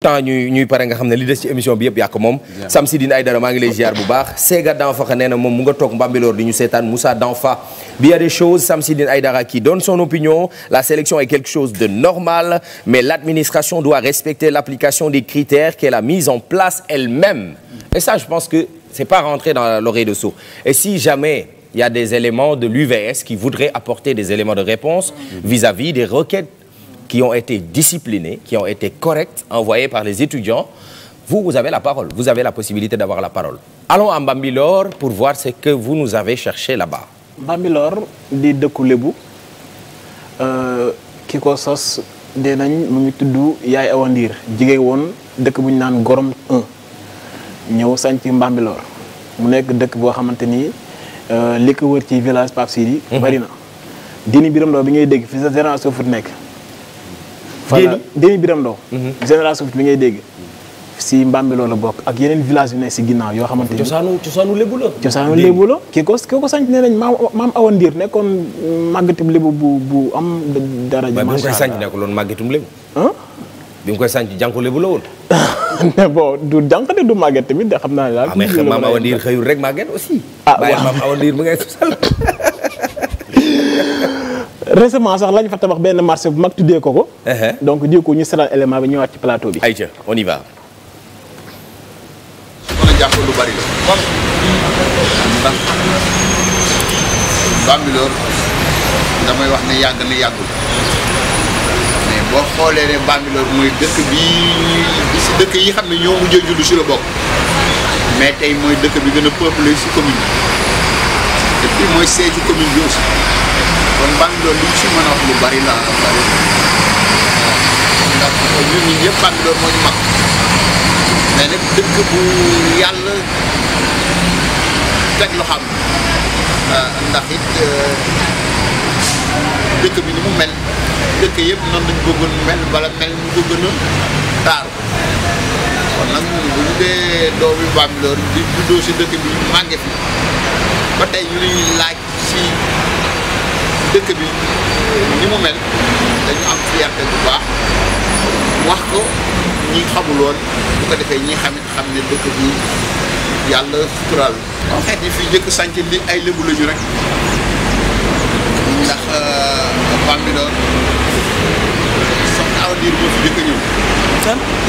temps ñuy ñuy pare nga xam ne li des ci émission bi yëpp yàq moom Samsidine Aïdara maa ngi lay ziar bu baax Sega Danfa xa nee na moom mu nga toog Mbambilor di ñu seetaan Moussa Danfa bi y a des choses Samsidine Aïdara qui donne son opinion la sélection est quelque chose de normal mais l'administration doit respecter l'application des critères qu'elle a mise en place elle-même et ça je pense que c'est pas rentré dans l'oreille de sourd et si jamais il y a des éléments de l'UVS qui voudraient apporter des éléments de réponse mm. vis-à-vis des requêtes qui ont été disciplinés, qui ont été corrects, envoyés par les étudiants, vous, avez la parole, vous avez la possibilité d'avoir la parole. Allons à Bambilor pour voir ce que vous nous avez cherché là-bas. Bambilor di dëkku lébu euh, ki ko sos dee nañ mu ngi tudd Yaay Awa Ndiir jigéen woon dëkk bu ñu naan Gorom 1 ñëw sanc Bambilor mu nekk dëkk boo xamante ni euh, li ko wër ci village Pape Sidi mhm. bari na biram doo bi ngay dégg fi sa génération nekk jéeri déeni biram ndaw mhm. génération bi ngay dégg si Mbambiloo la bokk ak yeneen village yu ne si ginnaaw yoo xamante ni cosaanu cosaanu lébu la cosaanu lébu la kii ko kii ko sanc bu bu am dara bi mu koy sanc nekk loon màggatum lébu bi mu koy sanc jànku lébu la woon mais bon du jànq de du màgget tamit da xam naa ne daal ah, mais maam awa xëyul rek màgget aussi ah maam awa mu ngay sosal récemment sax lañu fa tabax benn marché bu mag tuddee ko ko. Uh-huh. donc di ko ñu seetal élément bi ñëwaat ci plateau bi. ayca on y va. wala jàpp lu bari la. ndax Bambilor damay wax ne yàgg na yàggul mais boo xoolee ne Bambilor mooy dëkk bi si dëkk yi xam ne ñoo mujjee juddu si la bokk mais tey mooy dëkk bi gën a peuplé si commune bi et mooy seetu commune bi kon Bambilor li ñu si mën lu bari la bari ndax ñun ñi ñëpp Bambilor mag mais nag dëkk bu yàlla teg lu xam euh, ndax it euh, dëkk bi ni mu mel dëkk yëpp noonu lañ bëggoon mel wala mel mu ko gën a taaru kon nag ñun dee doomi Bambilor di juddoo si dëkk bi màgge fi ba tey ñu laaj si. dëkk bi ni mu mel dañu am fierté bu baax wax ko ñi xamuloon bu ko defee ñi xamit xam ne dëkk bi yàlla tural waaw xeet yi fi jëkk sànc li ay lébu lañu rek ndax Bambilor euh, soxna Awa Ndiir moo fi jëkk ñëw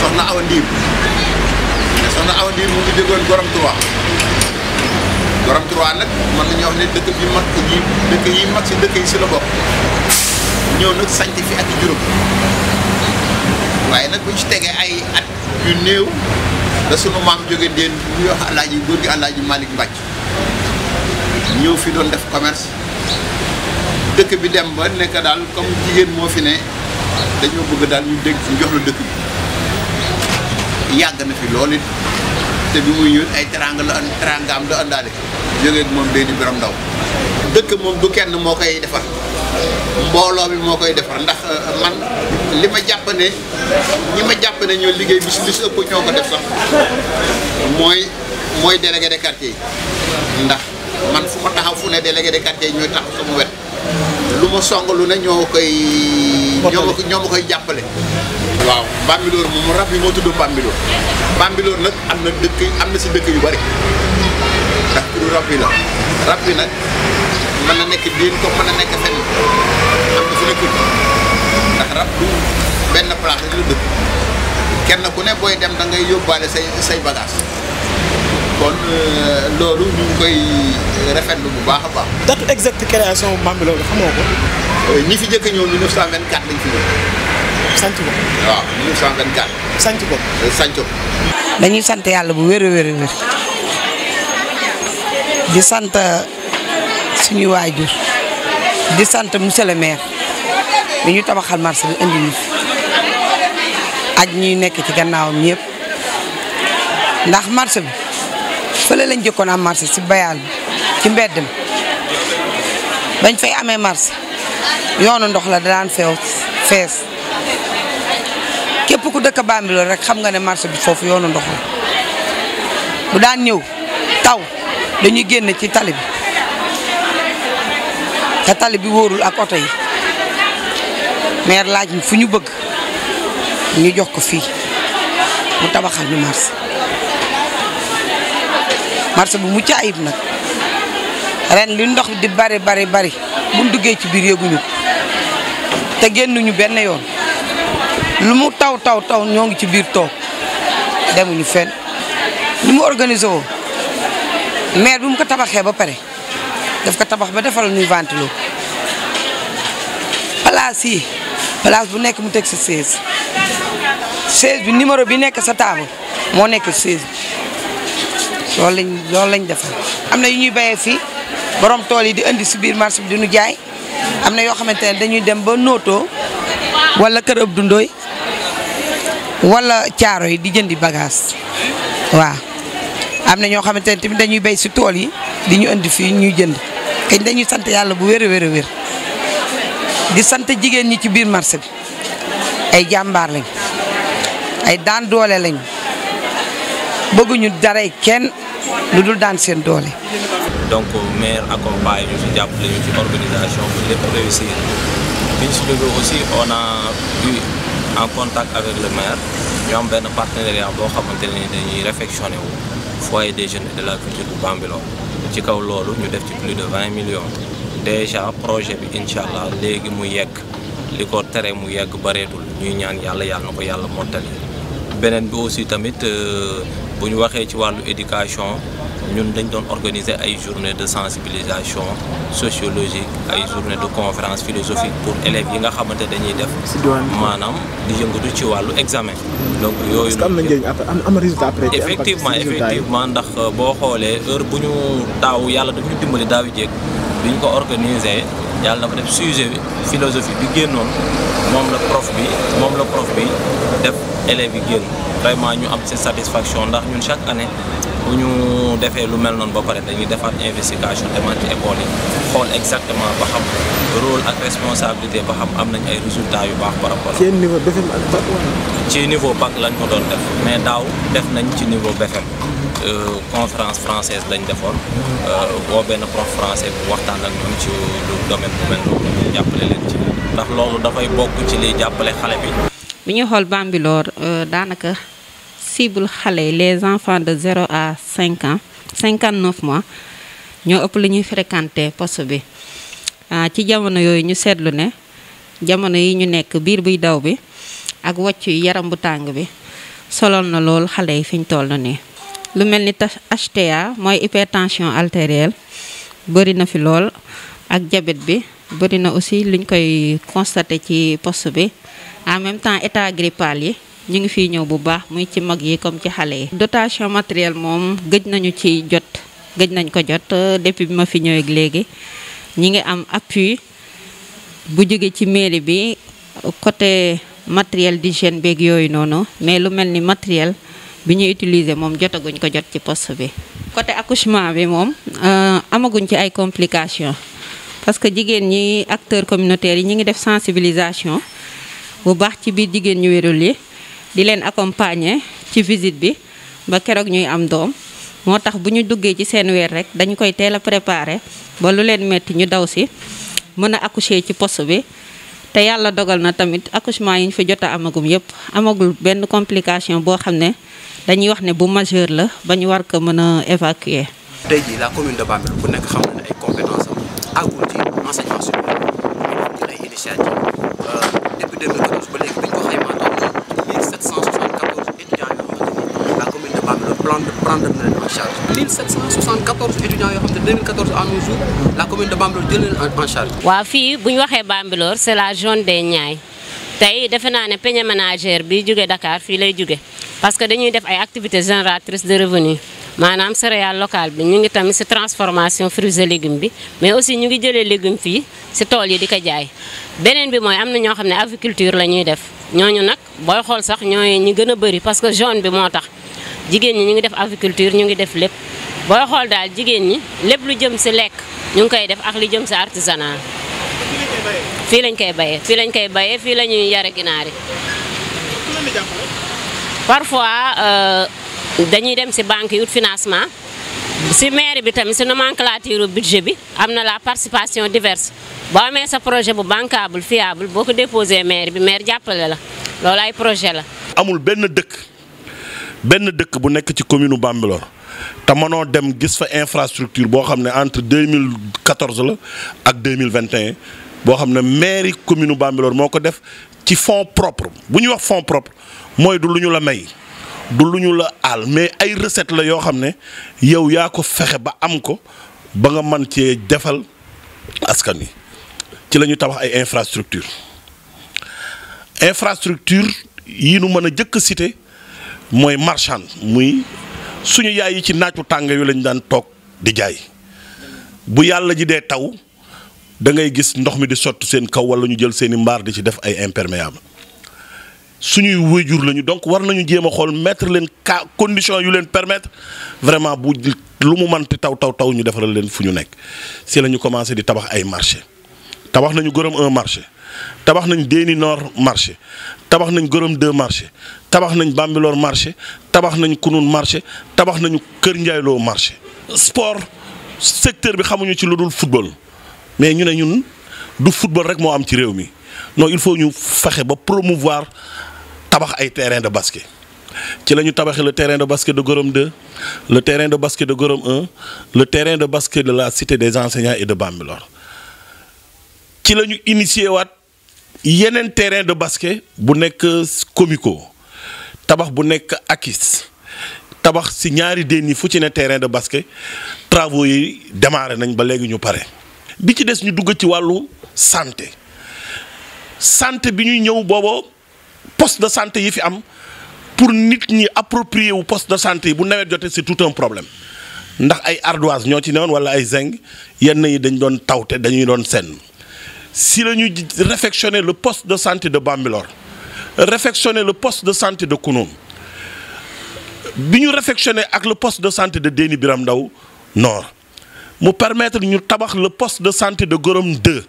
soxna Awa Ndiir soxna Awa Ndiir mu Yorom 3 nag mën nañu wax ne dëkk bi mag yi dëkk yi mag si dëkk yi si la bokk ñëw nag sanc fi ak juróom nag bu ñu tegee ay yu néew da suma maam jóge deen ñuy wax alaaji góor gi alaaji Malick Mbàcc ñëw fi doon def commerce dëkk bi dem ba nekk daal comme jigéen moo fi ne dañoo bëgg daal ñu dégg ñu jox la dëkk bi yàgg na fi lool it te bi muy ñëw ay teranga la terangam la àndaale jógeeg moom day di biram ndaw dëkk moom du kenn moo koy defar mbooloo bi moo koy defar ndax euh, man li ma jàpp ñi ma jàpp ne ñoo liggéey bi si li si def sax mooy mooy délégué ndax man fu ma taxaw fu ne délégué de quartier yi ñooy taxaw sama wet lu ma song lu ne ñoo koy ñoo ma koy jàppale waaw Bambilor moom rab yi moo tudd Bambilor Bambilor nag am na dëkk am na si dëkk yu bari ndax turu rab yi la rab nag mën na nekk diin comme mën na nekk fenn am na fu nekkul ndax rab du benn place rek dëkk kenn ku ne booy dem da ngay yóbbaale say say bagage kon euh, loolu ñu ngi koy lu bu baax a baax. date exacte création Bambilor bi xamoo ko. Euh, ñi fi njëkk a ñëw 1924 lañ fi ñëw. sant ko. waaw 1924. sant ko. Euh, sant ko. dañuy sant yàlla bu wér a wér di sant suñu waajur di sant monsieur le maire bi ñu tabaxal marché bi indi ñu ak ñuy nekk ci gannaawam ñëpp ndax marché bi fële lañ jëkkoon am marché si bayaal bi ci mbedd mi bañ fay amee marché yoonu ndox la daan feew fees képp ku dëkk Bambilor rek xam nga ne marché bi foofu yoonu ndox la bu daan ñëw taw dañuy génn ci tali te tali bi wóorul ak oto yi maire laaj fu ñu bëgg ñu jox ko fii mu tabaxal ñu marché marché bu mucc ayib nag ren li ndox di bari bari bari buñ duggee ci biir yëguñu ko te génnuñu benn yoon lu mu taw taw taw ñoo ngi ci biir toog demuñu fenn li mu organisé maire bi mu ko tabaxee ba pare daf ko tabax ba defal ñuy ventilo place yi place bu nekk mu teg si chaise chaise bi numéro bi nekk sa table moo nekk chaise bi loolu lañ loolu lañ defal am na yu ñuy bayee fii borom tool yi di indi si biir marché bi di jaay am na yoo xamante ne dañuy dem ba nootoo wala kër Abdou Ndoye wala caaro yi di jëndi bagaas waaw am na ñoo xamante ne tamit dañuy bay si tool yi di ñu indi fii ñuy jënd kañ dañuy sant yàlla bu wér a wér a wér di sant jigéen ñi ci biir marché bi ay jàmbaar lañ ay daan doole lañ bëgguñu daray kenn lu dul daan seen doole. donc maire accompagne ñu ci jàppale ñu ci organisation bi lépp réussir bi ñu si jógee aussi on a eu en contact avec le maire ñu am benn partenariat boo xamante ne dañuy réfectionné foyer des jeunes de la culture bu Bambilor ci kaw loolu ñu def ci plus de vingt millions déjà projet bi incha léegi mu yegg li ko tere mu yegg bareetul ñuy ñaan yàlla yàlla na ko yàlla mottali beneen bi aussi tamit euh, bu ñu waxee ci wàllu éducation ñun dañu doon organiser ay journée de sensibilisation sociologique ay journée de conférence philosophique pour élèves yi nga xamante dañuy def maanaam di yëngatu ci wàllu examen donc yooyu. est-ce que am na njëriñ après am am résultat après. effectivement effectivement euh, boo xoolee heure bu ñu daaw yàlla dafa ñu dimbali daaw yu jéeg bi ñu ko organisé yàlla dafa def sujet bi bi génnoon moom la prof bi moom la prof bi def élèves yi génn vraiment ñu am seen satisfaction ndax ñun chaque année. ñu defee lu mel noonu ba pare dañuy defaat investigation demaat ci école yi xool exactement ba xam rôle ak responsabilité ba xam am nañ ay résultats yu baax par rapport ci niveau BAC lañ ko doon def ci niveau BFEM mhm. euh, conférence française lañ defoon boo euh, benn prof français bu waxtaan ak ñoom ci lu bu mel jàppale leen ci ndax loolu dafay bokk ci liy jàppale xale bi bi ñu xool Bambilor euh, daanaka cible xale yi les enfants de 0 à 5 ans 59 mois ñoo ëpp lu ñuy fréquenté poste bi Ah, ci jamono yooyu ñu seetlu ne jamono yi ñu nekk biir buy daw bi ak wàcc yaram bu tàng bi soloon na lool xale yi fiñ toll nii. lu mel ni HTA mooy hypertension artérielle bëri na fi lool ak jabet bi bëri na aussi luñ koy constaté ci post bi en même temps état grippal yi ñu ngi fiy ñëw bu baax muy ci mag yi comme ci xale yi. dotation matérielle moom gëj nañu ci jot gëj nañ ko jot euh, depuis bi ma fi ñëweek léegi. ñi ngi am appui bu jóge ci mairie bi côté matériel d'hygiène beeg yooyu noonu mais lu mel ni matériel bi ñu utiliser moom jotaguñ ko jot ci post bi. côté accouchement bi moom euh, amaguñ ci ay complications parce que jigéen ñi acteurs communautaire yi ñu ngi def sensibilisation bu baax ci biir jigéen ñu wérul yi di leen accompagner ci visite bi ba keroog ñuy am doom moo tax bu ñu duggee ci seen weer rek dañu koy teel a préparer. ba lu leen metti ñu daw si mën a accoucher ci post bi te yàlla dogal na tamit accouchement yi ñu fi jot a amagum yëpp amagul benn complication boo xam ne dañuy wax ne bu majeur la ba ñu war ko mën a évacuer. tey jii la commune de Bambey ku nekk xam na ne ay compétences am àggul ci enseignement 1774 waaw fii bu ñu waxee Bambilor c' est la zone des Niayes tey defe naa ne peña ménagère bi jóge dakaar fii lay jóge parce que dañuy def ay activité génératrices de revenus maanaam céréale locale bi ñu ngi tamit si transformation fruits et légumes bi mais aussi ñu ngi jëlee légumes fii si tool yi di ko jaay beneen bi mooy am na ñoo xam ne aviculture la ñuy def ñooñu nag booy xool sax ñooy ñi gën a bëri parce que zone bi moo tax jigéen ñi ñu ngi def aviculture ñu ngi def lépp. ba xool daal jigéen ñi lépp lu jëm si lekk ñu ngi koy def ak lu jëm si artisanat fii lañ koy bayee fii lañ koy bayee fii la ñuy yare ginaar yi parfois euh, dañuy dem si banque yi ut financement si maire bi tamit si nomenclature budget bi am na la participation diverse ba amee sa projet bu bancable fiable boo ko déposé maire bi maire jàppale la loolu ay projet la amul benn dëkk benn dëkk bu nekk ci commune Bambilor te mënoo dem gis fa infrastructure boo xam ne entre mille 2014 la ak mille vingt 2021 boo xam ne mairie commune Bambilor moo ko def ci fonds propre bu ñuy wax fonds propre mooy du lu ñu la may du lu ñu la aal mais ay recette la yoo xam ne yow yaa ko fexe ba am ko ba nga mën cee defal askan wi ci lañuy ñu tabax ay infrastructure infrastructure yi nu mën a jëkk cité mooy marchande muy suñu yaay yi ci naaj wu tàng yu lañ daan toog di jaay bu yàlla ji dee taw da ngay gis ndox mi di sotti seen kaw wala ñu jël seen i mbaar di ci def ay imperméable suñuy wéjur lañu donc war nañu jéem a xool mettre leen cas condition yu leen permettre vraiment bu lu mu manti taw taw taw ñu defaral leen fu ñu nekk si lañu ñu commencé di tabax ay marché tabax nañu gërëm un marché tabax nañ deeni nord marché tabax nañ Gorom 2 marché tabax nañ Bambilor marché tabax nañ Kunun marché tabax nañu Kër Njaayloo marché. sport secteur bi xamuñu ci lu dul football mais ñu ne ñun du football rek moo am ci réew mi non il faut ñu fexe ba promouvoir tabax ay terrain de basket. ci la ñu tabaxee le terrain de basket de Gorom 2 le terrain de basket de Gorom le terrain de basket de la cité des enseignants et de Bambilor ci la ñu initié yeneen terrain de basket bu nekk comico tabax bu nekk akis tabax si ñaari dénn yi fu ci ne terrain de basket travaux yi démarré nañ ba léegi ñu pare bi ci des ñu dugg ci wàllu santé santé bi ñuy ñëw booba poste de santé yi fi am pour nit ñi approprier wu poste de santé yi bu nawet jotee c'est tout un problème ndax ay ardoise ñoo ci newoon wala ay zinc yenn yi dañ doon tawte dañuy doon senn si la ñu réfectionner le poste de santé de Bambilor réfectionner le poste de santé de Kounoum bi ñu réfectionner ak le poste de santé de Déni Biram Ndaw Nord mu permettre ñu tabax le poste de santé de Gorom de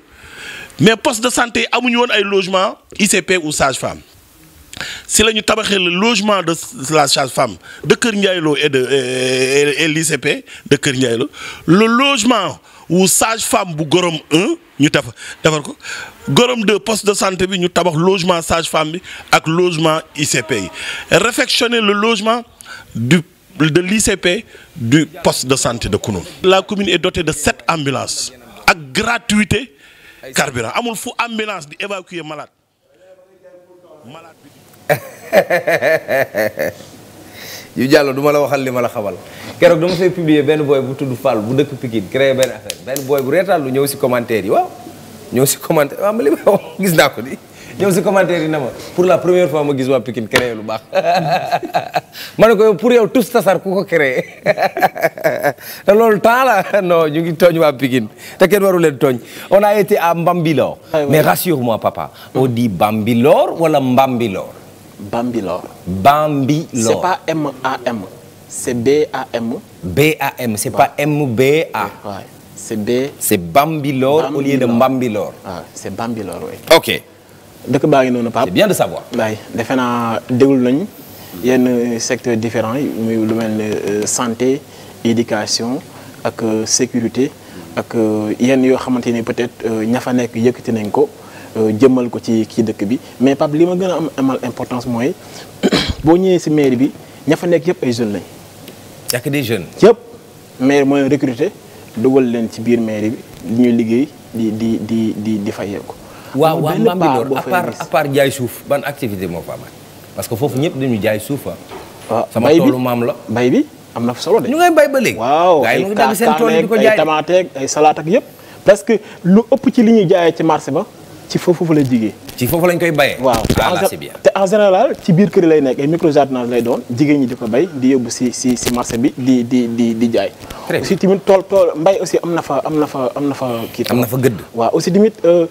mais poste de santé amuñu woon ay logement ICP ou sage-femme si lañu ñu tabaxee le logement de la sage-femme de Kër Ndiaye Lo et de et l'ICP de Kër Ndiaye le logement wu sage femme bu gorom 1 ñu tafa defar ko gorom de poste de santé bi ñu tabax logement sage femme bi ak logement ICP yi réfectionner le logement du de l'ICP du poste de santé de Kounoun. la commune est dotée de sept ambulances ak gratuité carburant amul fu ambulance di évacuer malade yu jàll du ma la waxal li ma la xamal keroog dama fay publier benn boy bu tudd Fall bu dëkk Pikine créé benn benn boy bu reetaan lu ñëw si commentaire yi waaw ñëw si commentaire waaw ma li ma wax gis naa ko di ñëw si commentaire yi na ma pour la première fois ma gis waa Pikine créé lu baax ma ne ko yow pour yow tous tasar ku ko créé te loolu temps la ñu ngi tooñ waa Pikine te kenn waru leen tooñ on a été à Mbambilor ah mais rassure moi papa on dit Bambilor wala Mbambilor Bambilor. Bambilor c'est pas M A M. c'est B A M. B A M c'est pas M B A. waaw c'est B. c'est Bambilor, Bambilor au lieu de Mbambilor. ok. dëkk baa ngi noonu Pape. c'est bien de savoir. waay defe naa déglu nañ yenn secteurs différent yi lu mel ne euh, santé éducation ak euh, sécurité ak euh, yenn yoo xamante ni peut-être ña fa nekk yëkkati nañ ko. Euh, jëmmal ko ci kii dëkk bi mais Pape li ma gën a am amal importance mooy boo ñëwee si mairie bi ña fa nekk yëpp ay jeunes lañ. yàq des jeunes. yëpp maire mooy recruter dugal leen ci biir mairie bi liggéey di di di di di fayeeku. waaw waaw Bambilor à part à suuf ban activité moo fa parce que foofu ñëpp dañu jaay suuf ah. waaw ah, sama toolu maam la bay bi am na fa solo de. ñu ngay bay ba léegi. waaw ay kaakaaneeg ay tamaateeg ay salaat ak yëpp. presque lu ëpp ci li ñuy jaayee ci marché ba ci foofu la jigee ci foofu lañ koy bayee. waaw ah, te en général ci biir kër lay nekk ay micro jardinage lay doon jigéen ñi di ko bay di yóbbu si si si bi di di di di jaay. aussi tamit tool tool mbay aussi am na fa am na fa am na fa kii. am na fa gëdd. waaw aussi tamit euh,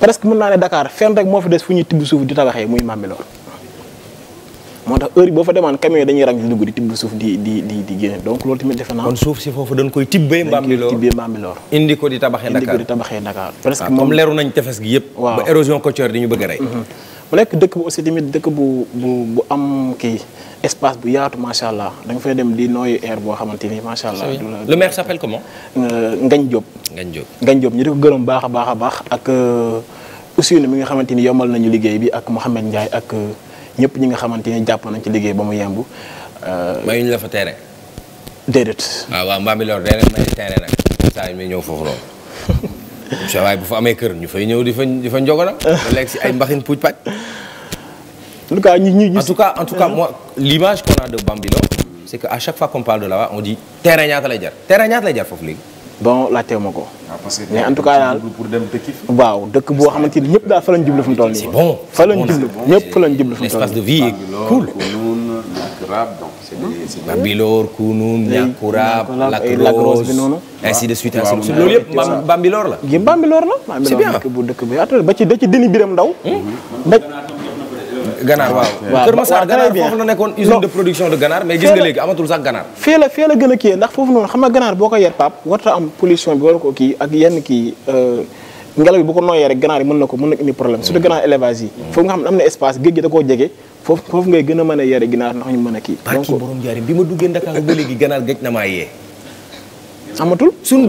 presque mun naa ne Dakar fenn rek moo fi des fu ñuy tibb suuf di tabaxee muy Mambilor. moo tax heure boo fa demaan camion yi dañuy rang di di tibb suuf di di di di génne donc loolu tamit defe naa. kon suuf si foofu dañ koy tibbee Mbambilor tibbee Mbambilor indi ko di tabaxee Dakar indi ko di tabaxee Dakar. presque moom leeru nañ tefes gi yëpp. waaw ba érosion côtière di ñu bëgg a rey. Mhm. mu nekk dëkk bu aussi tamit dëkk bu bu bu am kii espace bu yaatu macha allah da nga fay dem di nooyu air boo xamante ni macha allah. le maire s'appelle comment. Euh, Ngagne Diop. Ngagne Diop Ngagne Diop ñu di ko gërëm baax a baax a baax ak euh, Ousseynou mi nga xamante ni yombal nañu liggéey bi ak Mouhamed Ndiaye ak euh, ñëpp ñi nga xamante ni jàpp nañ ci liggéey ba mu yemb. Euh, mayuñ la fa terrain. déedéet. Ah, waaw waaw Mbambilor day leen may terrain nag saa yu may ñëw foofu noonu. incha waaye bu fa amee kër ñu fay ñëw di fa di fa njogona. ba léegi si ay mbaxin puuj pàcc. en tout cas en tout cas moi l'image qu'on a de Bambilor c'est que à chaque fois qu'on parle de là-bas on dit terrain ñaata lay jar terrain ñaata lay jar foofu léegi. bon laajte ma ko. Ah, mais en tout cas daal pour dem dëkk. waaw dëkk boo xamante ni ñëpp daal fa lañ jublu fi mu toll nii. c'est bon fa lañ jublu lañ jublu fi mu toll nii. l'espace de vie est cool. Bambilor Kounoun Niakoulrab Lac Rose bi noonu. ainsi de suite ainsi de suite loolu yëpp Bambilor la. yëpp Bambilor la. c'est bien Bambilor dëkk bu dëkk bi ba ci ba ci dënnu biram ndaw. Hmm? ganaar ah, waaw Kër Massar sax ganaar fii la fii la gën ndax foofu noonu xam ganaar boo ko yer pap warta am pollution bi war ko kii ak yenn kii euh, ngelaw bi bu ko nooyee ganaar yi mën na ko mën na indi problème surtout ganaar élevage yi mm. foofu nga xam ne espace géej gi da koo jege foofu ngay gën a mën a ndax ñu mën a kii bi ma duggee Ndakaaru ba léegi ganaar gëj na maa yee amatul